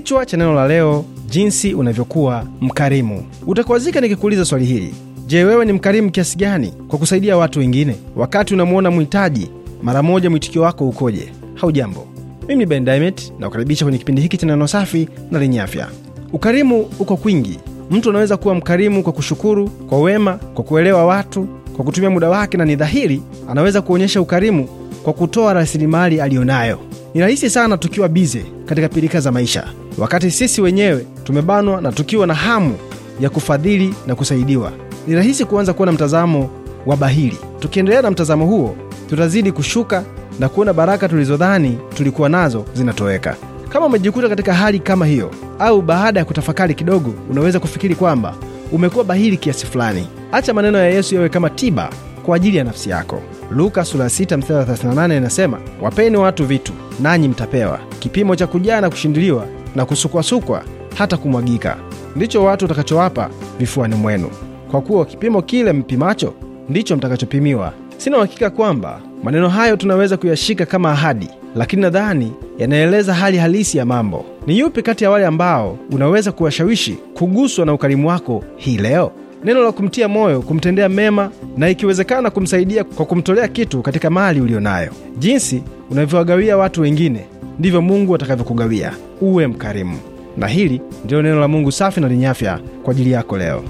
Kichwa cha neno la leo, jinsi unavyokuwa mkarimu. Utakuwazika nikikuuliza swali hili: Je, wewe ni mkarimu kiasi gani kwa kusaidia watu wengine? Wakati unamwona mhitaji, mara moja mwitikio wako ukoje? Haujambo, mimi ni Ben Diamond na kukaribisha kwenye kipindi hiki cha neno safi na lenye afya. Ukarimu uko kwingi. Mtu anaweza kuwa mkarimu kwa kushukuru, kwa wema, kwa kuelewa watu, kwa kutumia muda wake, na ni dhahiri anaweza kuonyesha ukarimu kwa kutoa rasilimali aliyonayo. Ni rahisi sana tukiwa bize katika pirika za maisha, wakati sisi wenyewe tumebanwa na tukiwa na hamu ya kufadhili na kusaidiwa. Ni rahisi kuanza kuwa na mtazamo wa bahili. Tukiendelea na mtazamo huo, tutazidi kushuka na kuona baraka tulizodhani tulikuwa nazo zinatoweka. Kama umejikuta katika hali kama hiyo, au baada ya kutafakari kidogo, unaweza kufikiri kwamba umekuwa bahili kiasi fulani, acha maneno ya Yesu yawe kama tiba kwa ajili ya nafsi yako. Luka sura 6 mstari 38 inasema, wapeni watu vitu nanyi mtapewa kipimo cha kujaa na kushindiliwa na kusukwasukwa hata kumwagika, ndicho watu utakachowapa vifuani mwenu, kwa kuwa kipimo kile mpimacho ndicho mtakachopimiwa. Sina uhakika kwamba maneno hayo tunaweza kuyashika kama ahadi, lakini nadhani yanaeleza hali halisi ya mambo. Ni yupi kati ya wale ambao unaweza kuwashawishi kuguswa na ukarimu wako hii leo? Neno la kumtia moyo, kumtendea mema na ikiwezekana kumsaidia kwa kumtolea kitu katika mali nayo Jinsi unavyowagawia watu wengine ndivyo Mungu atakavyokugawia. Uwe mkarimu, na hili ndilo neno la Mungu safi na lenye afya kwa ajili yako leo.